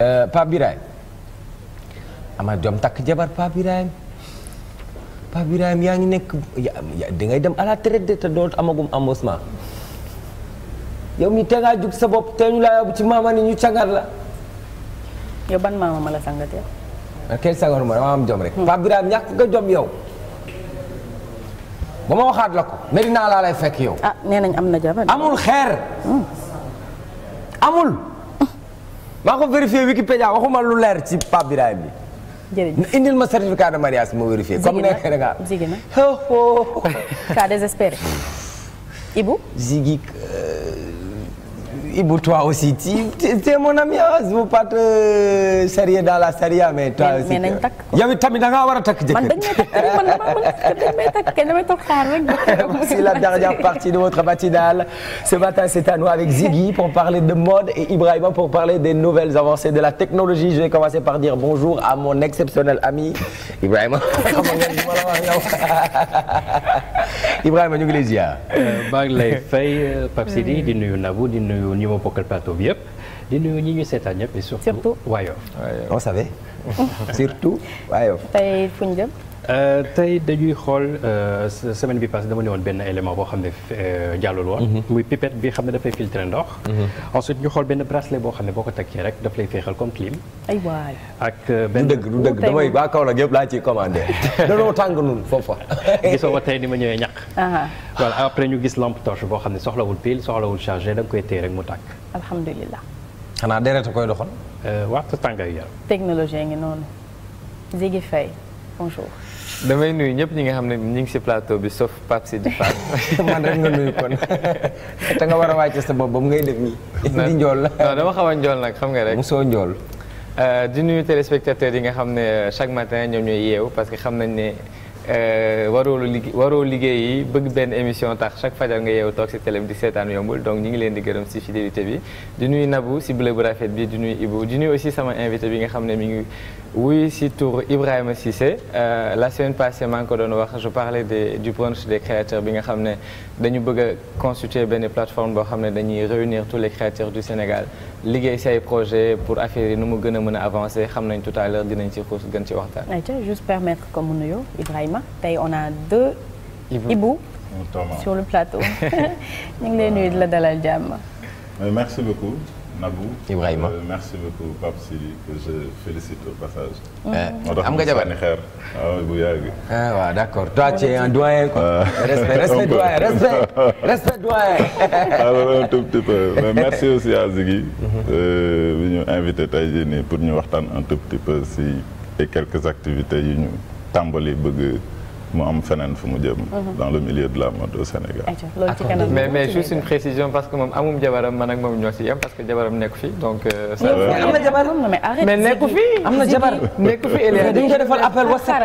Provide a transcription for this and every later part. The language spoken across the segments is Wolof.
Eh, Pape Birahim ama jom takk jabar Pape Birahim yaa ngi nekk da ngay dem à la traite te dootu amagum embauchement yow mi tegaa jug sa bopp te ñu laa yóbbu ci maama ni ñu cangar la yow ban maama ma la sangatee kenn sangaru ma dama am jom ñàkk hmm. nga jom yow waxaat la ko Medina lay fekk yow ah, nee nañ am na jabar amul xeer hmm. amul maa ko vérifié Wikipédia waxuma lu leer ci Pape Birahim bi. jërëjëf ma certificat de mariage ma vérifié. nekk na nga zigi na. Ibou. Ibou toi aussi tu es mon ami ah vous pas te sérieux dans la saria mais toi aussi. mais nañ takk yow tamit da ngaa war a takk jëkkër. man dañ may takk man dañ may takk kenn damay toog xaar rek. c'est la dernière partie de votre matinale ce matin c'est à nous avec Ziggy pour parler de mode et Ibrahima pour parler des nouvelles avancées de la technologie je vais commencer par dire bonjour à mon exceptionnel ami Ibrahima. Ibrahima ñu ngi lay ziar. Euh, maa ngi lay fay euh, Pape Sidi di nuyu Nabou di nuyu. ñi ma bokkal plateau bi yëpp di nuyu ñi ñu seetaan ñëpp et surtout. surtout waayof on surtout waayof. Euh, tey dañuy xool euh, semaine bi passée dama ne woon benn élément boo xam ne euh, jàllul woon. Mhm. muy pipette bi xam ne dafay filtrer ndox. Mhm. ensuite ñu xool benn bracelet boo xam ne boo ko takkee rek daf lay féexal comme clim. ay waay ak benn. du dëgg du dëgg damay waa Kaolack yëpp laa ciy commandé. danoo tàng nun foofa. ma tey ni ma ñëwee ñàkk. voilà ñu gis lampe torche boo xam ne soxlawul pile soxlawul chargé da nga koy téye rek mu tàkk. alhamdulilah. xanaa deret a koy doxal. waxtu tàngaay yaram. technologie ngi noonu. Ziggy Faye. bonjour. damay nuyu ñëpp ñi nga xam ne ñu ngi ci plateau bi sauf Pape Sidi Fall. man rek nga nuyu kon te nga war a wàcc sa bopp ba mu ngay def nii. di njool la dama xaw a njool nag xam nga rek. musoo njool. Euh, di nuyu téléspectateurs yi nga xam ne chaque matin ñoom ñooy yeewu parce que xam ne. Euh, waroo liggéey waroo liggéey bëgg benn émission tax chaque fajar nga yeewu toog si télé bi di seetaan yombul donc ñu ngi leen di gërëm si fidélité bi di nuy Nabou si bu rafet bi di nuy Ibou aussi sama invité bi nga xam ne mu ngi wuy si tour Ibrahima Cissé euh, la semaine passée maa ngi ko doon wax je parlais des du brunch des créateurs bi nga xam ne dañu bëgg a constituer benn plateforme boo xam ne dañuy réunir tous les créateurs du Sénégal liggéey say ay projet pour affaire yi nu mu gën a mën a avancer xam nañ tout à l'heure dinañ ci xuus gën ci waxtaan. ayca juste permettre que mu nuyoo Ibrahima tey on a deux. Ibou Ibou sur le plateau ñu ngi lay nuyu la dalal jàmm. beaucoup. Nabou Ibrahima euh, merci beaucoup Pape Sidi que je félicite au passage. Euh, am nga jabar moo tax mu sànni xeer waaw ah bu yàgg. ah waaw d'accord toi tu es un doyen quoi. Euh, respect respect doyen respect respect doyen. alors ah, un tout petit peu mais merci aussi à Ziggy. Mhm. bi ñu invité tey jii nii pour ñu waxtaan un tout petit peu si quelques activités yu ñu tàmbali bëgg. mu am feneen fu mu jëm. dans le milieu de la mode au Sénégal. mais mais juste une précision parce que moom amum jabaram man ak moom ñoo si yem parce que jabaram nekk fi donc. ça am na jabaram mais arrête mais nekku fi am na jabar nekku fi dañu ko defal appel WhatsApp.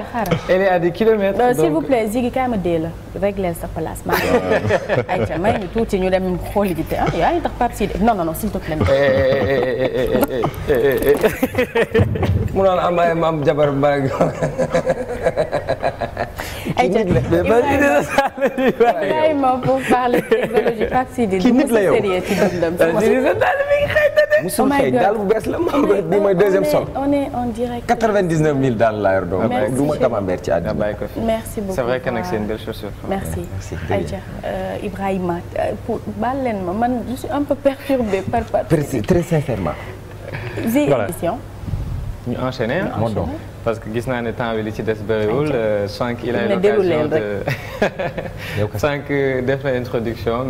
elle est à des kilomètres. donc s'il vous plaît Ziggy kaay ma dee la réglé sa place maa ngi may ñu tuuti ñu dem xooli ji te ah yaa ngi tax partie non non non s'il te plaît. mu noonu am am jabar mbaa ay jël Ibrahima pour parler technologie Pape Sidi. kii nit la yow ci dundam. musul oh xëy daal bu bees la moom bi mooy deuxième sol. on est en direct. 99 000 daal laa yor doom. merci du ma tamambeer ci àddina. merci beaucoup c'est vrai que nag c'est une belle chaussure. merci Aïcha euh, Ibrahima euh, pour baal leen ma man je suis un peu perturbée par par. très sincèrement. voilà émission. ñu enchaîner. parce que gis naa ne temps bi li ci des euh, de sànq euh, def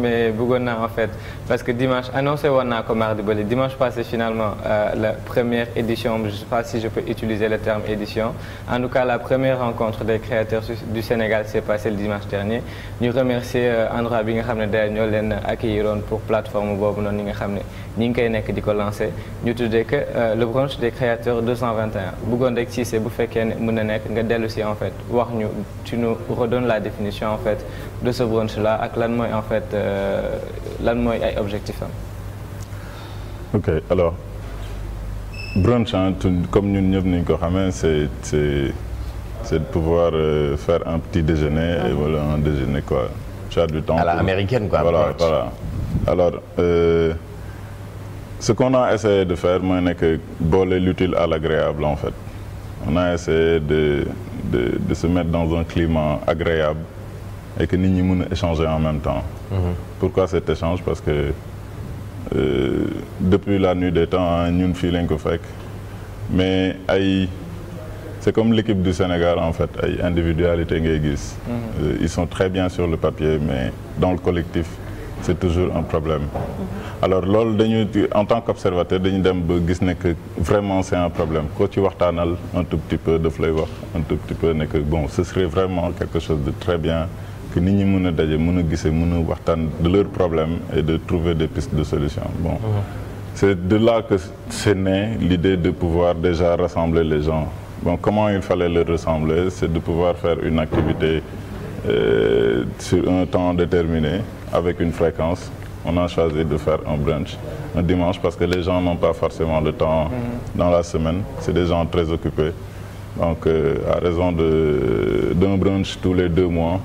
mais bëggoon naa en fait parce que dimanche annoncé woon naa ko mardi bële dimanche passé finalement euh, la première édition je sais pas si je peux utiliser le terme édition en tout cas la première rencontre des créateurs du Sénégal s'est passée le dimanche dernier ñu remercier endroit bi nga xam ne day ñoo leen accueilliroon pour plateforme boobu noonu ñi nga xam ne ñi ngi koy nekk di ko lancer ñu tuddee que le brunch des créateurs 221 bu fekkee ne mën na nekk nga dellusi en fait wax ñu tu nous redonnes la définition en fait de ce brunch là ak lan mooy en fait euh, lan mooy ay objectif am. ok alors brunch comme ñun ñëpp ni ñu ko xamee c'est c'est c'est de pouvoir euh, faire un petit déjeuner et voilà un déjeuner quoi. tu as du temps à américaine quoi. voilà brunch. alors. Euh, ce qu'on de faire mooy nekk boole l'utile à l'agréable en fait on a essayé de de de se mettre dans un climat agréable et que nit ñi mën a en même temps. Mmh. pourquoi cet échange parce que euh, depuis la nuit des temps ñun fii lañ ko fekk mais ay c'est comme l'équipe du Sénégal en fait ay individualité ngay gis. Mmh. ils sont très bien sur le papier mais dans le collectif. c'est toujours un problème alors loolu dañu en tant qu'observateur dañu dem ba gis ne que vraiment c'est un problème koo ci waxtaanal un tout petit peu daf lay wax un tout petit peu ne bon ce serait vraiment quelque chose de très bien que nit ñi mën a daje mën a gisee mën a waxtaan de leur problème et de trouver des pistes de solution bon mm-hmm. c'est de là que c'est né l'idée de pouvoir déjà rassembler les gens bon comment il fallait les rassembler c'est de pouvoir faire une activité euh, sur un temps déterminé avec une fréquence, on a choisi de faire un brunch un dimanche parce que les gens n'ont pas forcément le temps mm-hmm. dans la semaine. C'est des gens très occupés. Donc, euh, à raison d'un brunch tous les deux mois.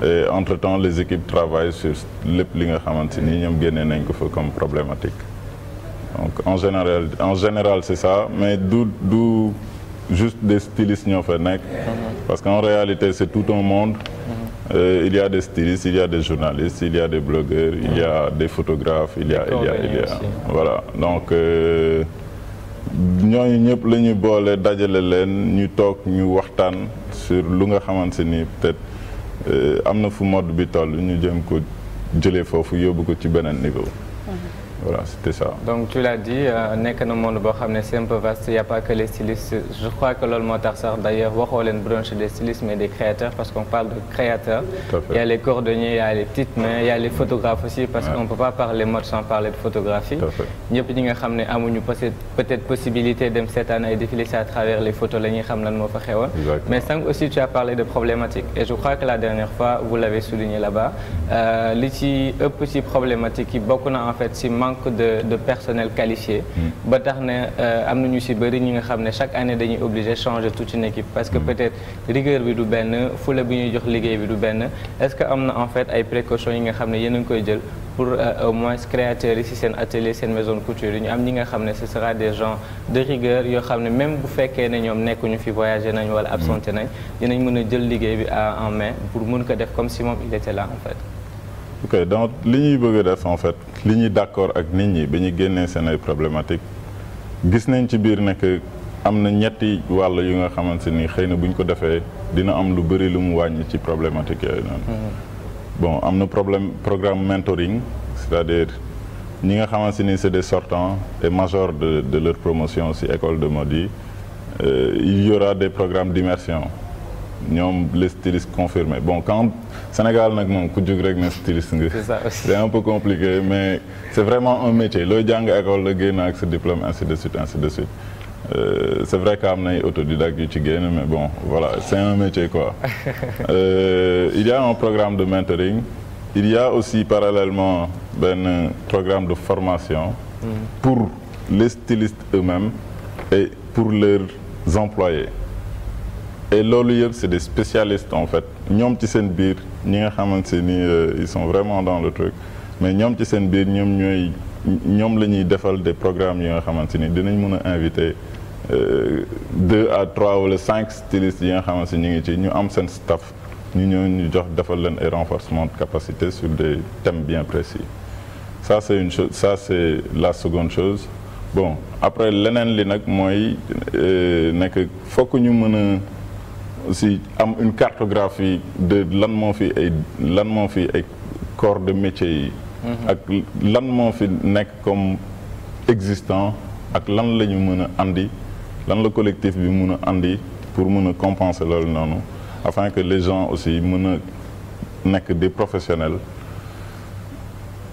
Mm-hmm. Et entre-temps, les équipes travaillent sur lépp li nga xamante ni ñoom génnee nañ ko fa comme problématique. Donc, en général, en général c'est ça, mais d'où d'où juste des stylistes ñoo fa nekk. Mm-hmm. Parce qu'en réalité, c'est tout un monde. Euh, il y a des stylistes, il y a des journalistes, il y des blogueurs, il y des photographes, il y il y il y a. Voilà. Donc euh, ñooñu ñëpp la ñu boole dajale leen ñu toog ñu waxtaan sur lu nga xamante ni peut-être euh, am na fu mode bi toll ñu jëm ko jële foofu yóbbu ko ci beneen niveau. voilà c'était ça. donc tu l'as dit euh, nekk na boo xam ne c'est un a pas que les stylistes je crois que loolu moo tax d'ailleurs waxoo branche des stylistes mais des créateurs parce qu'on parle de créateurs. tout a les cordonniers y a les petites mains y a les photographes aussi. parce qu'on peut pas parler mode sans parler de photographie. tout peut-être possibilité dem seetaan ay défilé à travers les photos la ñuy xam lan mais sànq aussi tu as manque de de personnel qualifié. Mm. ba tax ne euh, am na ñu si bari ñi nga xam ne chaque année dañuy obligé changer toute une équipe parce que mm. peut-être rigueur bi du benn fula bi ñuy jox liggéey bi du benn est-ce que am na en fait ay précautions yi nga xam ne yéen a ngi koy jël pour euh, au moins créateurs yi si seen atelier seen maison de couture yi ñu am ñi nga xam ne ce sera des gens de rigueur yoo xam ne même bu fekkee ne ñoom nekkuñu fi voyagé nañ wala mm. absenté nañ dinañ mën a jël liggéey bi en main pour mën ko def comme si moom il était ok donc li ñuy bëgg a def en fait li ñuy d'accord ak nit ñi ba ñu génnee seen ay problématique gis nañ ci biir nekk am na ñetti wàll yu nga xamante ni xëy na bu ñu ko defee dina am lu bëri lu mu wàññi ci problématique yooyu noonu. Mm-hmm. bon am na problème programme mentoring c'est-à-dire ñi nga xamante ni c'est des sortants et majors de de leur promotion ci école de mode yi euh, il y aura des programmes d'immersion ñoom les stylistes confirmés bon quand Sénégal nag moom ku jug rek ne styliste nga. c'est ça aussi un peu compliqué mais c'est vraiment un métier looy jàng école la génn ak sa diplôme ainsi de suite ainsi de suite. Euh, c'est vrai qu'am nay autodidacte yu ci génn mais bon voilà c'est un métier quoi. euh, il y a un programme de mentoring. il y aussi parallèlement benn programme de formation. Mm. pour les stylistes eux-mêmes et pour leurs employés. et loolu yëpp c'est des spécialistes en fait ñoom ci seen biir ñi nga xamante ni euh, ils vraiment dans le truc mais ñoom ci seen biir ñoom ñooy ñoom la ñuy defal des programmes yi nga xamante ni dinañ mën a inviter euh, deux à trois wala cinq stylistes yi nga xamante si ñu ngi ci ñu am seen staff ñu ñëw ñu jox defal leen ay renforcement de capacité sur des thèmes bien précis ça c'est une chose ça c'est la seconde chose bon après leneen li nag mooy euh, nekk fokk ñu mën a aussi am une cartographie de lan moo fi ay lan moo fi ay corps de métier yi. Mhm. ak lan moo fi nekk comme existant ak lan la ñu mën a indi lan la collectif bi mun a indi pour mun a compenser loolu noonu afin que les gens aussi mën a nekk des professionnels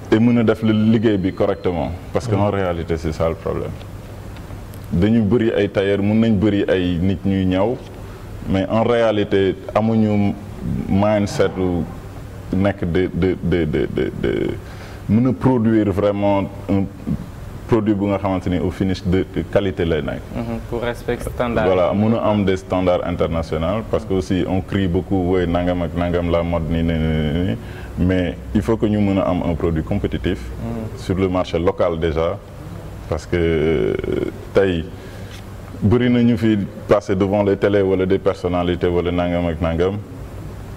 te mën a def liggéey bi correctement. parce que mhm. en réalité c'est ça le problème dañu bëri ay tailleur mun nañ bëri ay nit ñuy ñaw. mais en réalité amuñu mindset lu nekk de de de de de de mën a produire vraiment un produit bu nga xamante ni au finish de qualité lay nekk. Mhm, pour respecter standard. voilà mën a am des standards internationaux parce que aussi on crie beaucoup woy nangam ak nangam la mode ni nii nii mais il faut que ñu mën a am un produit compétitif. Mhm. sur le marché local déjà parce que euh, tey. bëri na ñu fi passé devant les télé wala des personnalités wala nangam ak nangam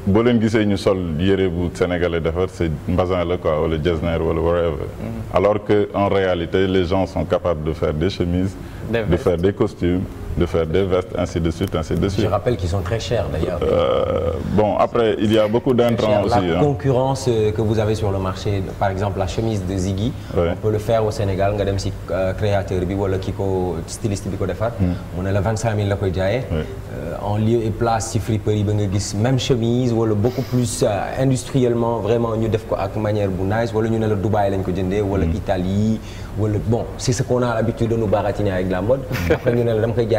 boo leen gisee ñu sol yére bu sénégalais defar c'est mbasan la quoi wala jesner wala whatever mm-hmm. alors que en réalité les gens sont capables de faire des chemises de faire des costumes de faire des vestes, ainsi euh, a beaucoup d'intrants aussi. La hein. concurrence euh, que vous nga dem si euh, créateur bi wala ki ko styliste bi ko defar. Hmm. mu ne la 25000 la koy jaayee. en lieu et place si ba nga gis même chemise wala beaucoup plus industriellement vraiment ñu def ko ak manière bu nice wala ñu ne la Dubaï lañ ko jëndee. wala hmm. Italie wala bon c'est ce qu'on a l'habitude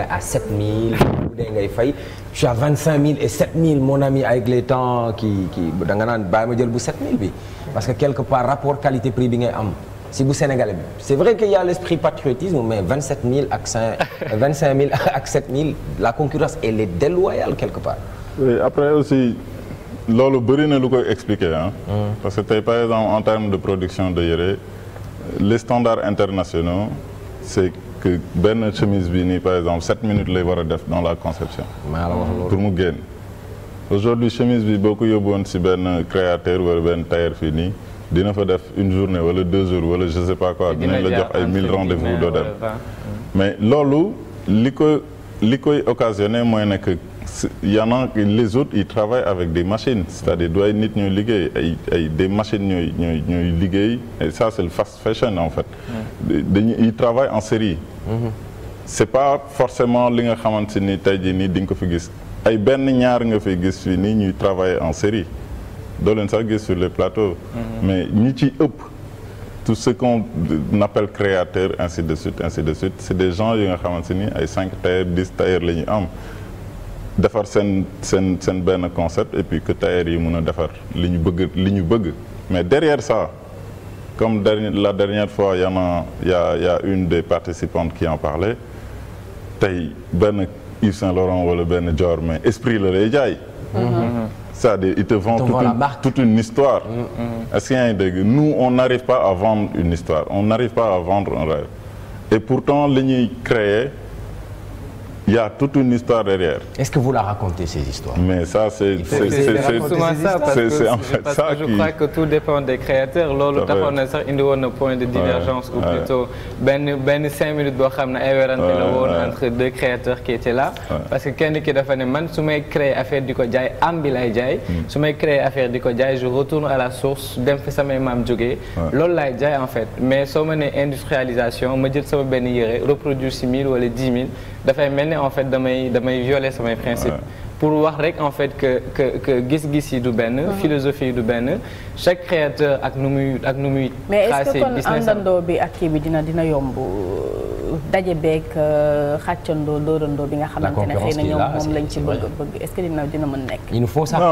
à 7000 bu ngay fay tu as 25000 et 7000 mon ami avec les temps qui naan bàyyi ma jël bu 7000 bi. parce que quelque part rapport qualité prix bi ngay am si que l' esprit patriotisme mais 27000 ak 5 25000 ak 7000 la concurrence elle est déloyale quelque part. oui après aussi. loolu bëri na lu koy expliquer ah. parce que tey par exemple en termes de production de yére les standards internationaux c'est que benn chemise bi ni par exemple sept minutes lay war a def dans la conception. pour mu génn. aujourd'hui chemise bi boo ko yóbbuwoon si benn créateur wala benn tailleur fii nii dina fa def une journée wala deux jours wala je sais pas quoi. dinañ la jox ay mille rendez-vous doo dem mais loolu li ko li koy occasionné mooy nekk y en a les autres ils travaillent avec des machines c'est-à-dire du ay nit ñooy liggéey ay ay des machines ñooy ñooy ñooy liggéey et ça c'est le fast fashion en fait. dañuy ils c'est pas forcément li nga xamante ni tey jii nii di nga ko fi gis ay benn ñaar nga fi gis fii nii ñuy travailler en série doo leen sax gis sur les plateau mm-hmm. mais ñi ci ëpp tout ce qu'on appelle créateur ainsi de suite ainsi de suite c'est des gens yi nga xamante ni ay cinq tailleurs dix tailleurs la ñu am defar seen seen seen benn concept et puis que tailleurs yi mun a defar li ñu bëgg li ñu bëgg mais derrière ça. comme la dernière fois y en a y une des participantes qui en parlait tey benn Yves Saint Laurent wala benn Dior mais esprit la lay jaay. Mhm. c'est-à-dire ils te vendent toute une, histoire. Mhm, mhm. est-ce que yaa ngi nous on n'arrive pas à vendre une histoire on n'arrive pas à vendre un rêve et pourtant li ñuy créer. Il y a toute une la racontez, ces histoires Mais ça, c'est... C'est souvent ça, parce que, en fait parce ça créateurs. loolu taxoon sax indi woon na point de divergence. ou plutôt benn benn cinq minutes boo xam ne ay werante la entre deux créateurs qui étaient là. parce que kenn ki dafa ne man su may créer affaire di ko jaay am bi lay hmm. su may créer affaire di ko jaay je retourne à la source dem fi samay maam jógee. loolu laay jaay en fait mais soo ma nee industrialisation ma jël sama benn yére reproduire si mille wala mille. dafay mel ni en fait damay damay violer samay principe pour wax rek en fait que que que gis-gis yi du benn. Mhm. philosophie yi du benn chaque créateur ak nu muy ak nu muy. tracé business mais est bi ak kii bi dina dina yomb euh, daje beeg euh, xàccandoo dóorandoo bi nga xamante ne xëy na ñoom moom lañ ci bëgg bëgg est-ce que dina dina mën nekk. il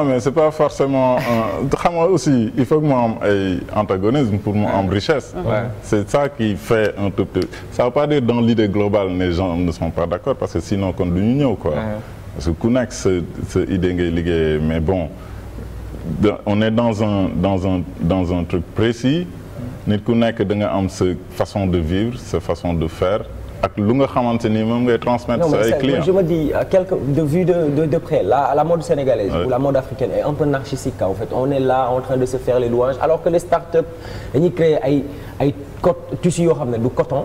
mais c'est pas forcément nga aussi il faut que mu am ay antagonisme pour mu am richesse. Mhm. c'est ça qui fait un tout petit ça veut pas dire dans l'idée globale les gens ne sont pas d'accord parce que sinon kon du ñu ñëw quoi. parce que ku nekk sa sa idée ngay liggéeyee mais bon on est dans un dans un dans un truc précis nit ku nekk da nga am sa façon de vivre sa façon de faire ak lu nga xamante ni moom ngay transmettre ça ay clients je me dis quelque de vue de de, de près la la mode sénégalaise ouais. ou la mode africaine est un peu narcissique en fait on est là en train de se faire les louanges alors que les startups dañuy créer ay ay cote tissu yoo xam ne du coton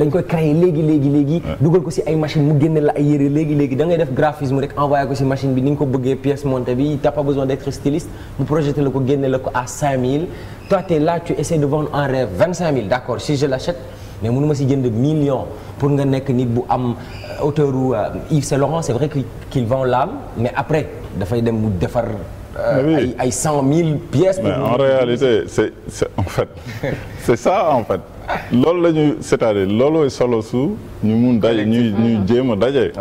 dañ koy créer léegi léegi léegi dugal ko si ay machine mu génne la ay yére léegi léegi da ngay def graphisme rek envoyé ko si machine bi ni nga ko bëggee pièce montée bi t'as pas besoin d'être styliste mu projeté la ko génne la ko à 5000 toi t'es là tu essaies de vendre un rêve 25000 d'accord si je l'achète mais mënu ma si jënd million pour nga nekk nit bu am euh, auteur u euh, Yves Saint Laurent c'est vrai qu'il vend l'âme mais après dafay dem mu defar Euh, ay ay cent mille pièces. mais en réalité c'est c'est en fait c'est ça en fait loolu la ñuy c'est-à-dire loolooy solo su ñu mun daje ñuy ñuy jéem a daje.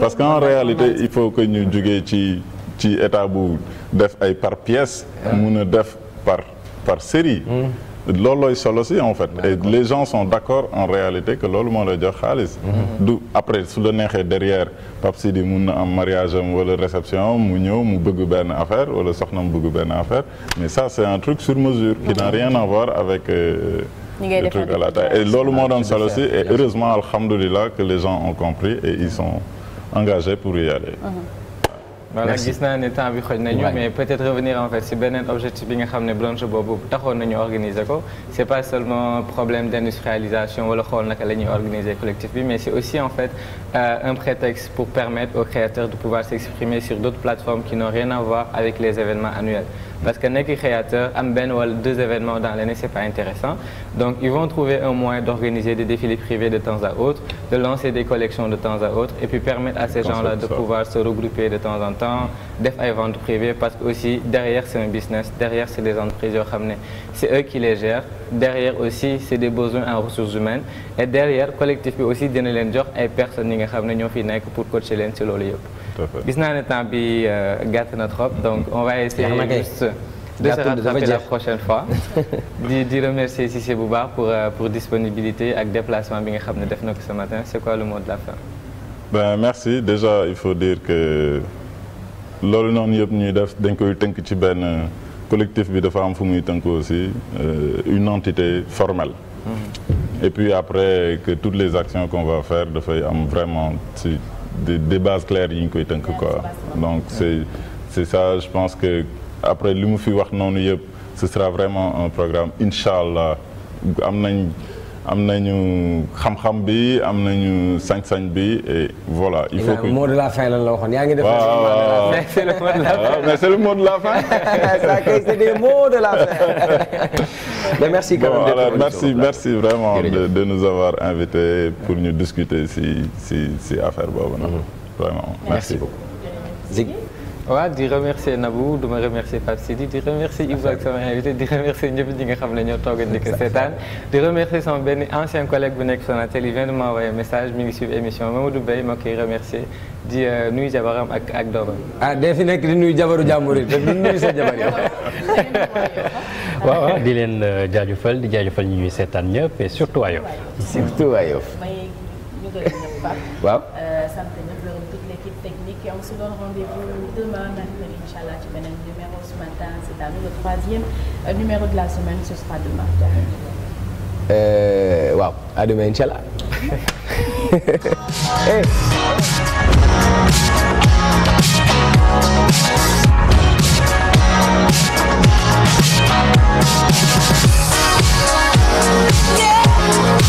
parce que en réalité il faut que ñu jugee ci ci état bu def ay par pièce. mu a def par par série. Hmm. loolooy solo si en fait et les gens sont d'accord en réalité que loolu moo lay jox xaalis mhm. du après su le neexee derrière Pape Sidi mun na am mariage am wala réception am mu ñëw mu bëgg benn affaire wala soxna mu bëgg benn affaire mais ça c'est un truc sur mesure qui n'a mhm. rien à voir avec euh, moo doon solo si et heureusement alhamdoulilah que les gens ont compris et ils sont engagés pour y aller mhm. voilà gis naa ne temps bi xoj nañu mais peut-être revenir en fait si beneen objectif ne nga xam ne Blanche boobu taxoon nañu organiser ko c'est pas seulement problème d'industrialisation wala xool naka la ñuy organiser collectif bi mais c'est aussi en fait euh, un prétexte pour permettre aux créateurs de pouvoir s'exprimer sur d'autres plateformes qui n'ont rien à avec les événements annuels parce que nekk créateur am benn wala deux événements dans l'année c'est pas intéressant donc ils vont trouver un moyen d'organiser des défilés privés de temps à autre de lancer des collections de temps à autre et permettre à ces gens-là de pouvoir se regrouper de temps en temps def ay ventes privées parce que derrière c'est un business derrière c'est des entreprises ne c'est eux qui les gèrent derrière aussi c'est en ressources humaines et derrière collectif bi aussi dina leen jox ay yi nga xam ne ñoo nekk pour coacher leen ci loolu gis naa ne temps bi gàtt na trop donc on va essayer ah, juste de se rattraper la prochaine fois di di remercier Cissé bu baax pour euh, pour disponibilité ak déplacement bi nga xam ne def na ko ce matin c'est quoi le mot de la fin ben merci déjà il faut dire que loolu noonu yëpp ñuy def dañ koy tënk ci benn collectif bi defa en fu muy tënk aussi euh, une entité formelle mm-hmm. et puis après que toutes les actions qu'on va faire dafay am vraiment si des, des bases claires yi ñu koy tënk quoi donc c'est c'est ça je pense que après li mu fi wax noonu yëpp ce sera vraiment un programme incha allah am nañ am nañu xam-xam bi am nañu sañ-sañ bi e voilà. il faut mot de la fin lan la waxoon yaa ngi def. waaw ah, mais c'est le mot de la fin. c'est le mot de la fin. c'est des mots de la fin. merci vraiment de, de nous avoir invités pour ñu discuter si si si affaire boobu nag. Mm-hmm. vraiment merci, beaucoup. waaw di remercier Nabou du ma remercier Pape Sidi di remercier Ibou ak sama invité di remercier ñëpp ñi nga xam ne ñoo toog di ko seetaan di remercier sama benn ancien collègue bu nekk Sonatel il vient de m'envoyer message mi ngi suivre émission Mamadou Bey ma koy remercier di euh, nuyu jabaram ak ak doomam. ah dee fi nekk di nuyu jabaru jàmbur yi di nuyu sa jabar waaw di leen euh, jaajëfal di jaajëfal ñi ñuy seetaan ñëpp et surtout Ayof. surtout Ayof. gërëm ñëpp Pape. waaw euh, sant ñëpp gërëm toute l' équipe technique et on se donne rendez-vous demain mercredi incha allah ci beneen numéro ce matin c' est à nous le troisième euh, numéro de la semaine ce sera demain. Euh, waaw à demain incha allah. Yeah.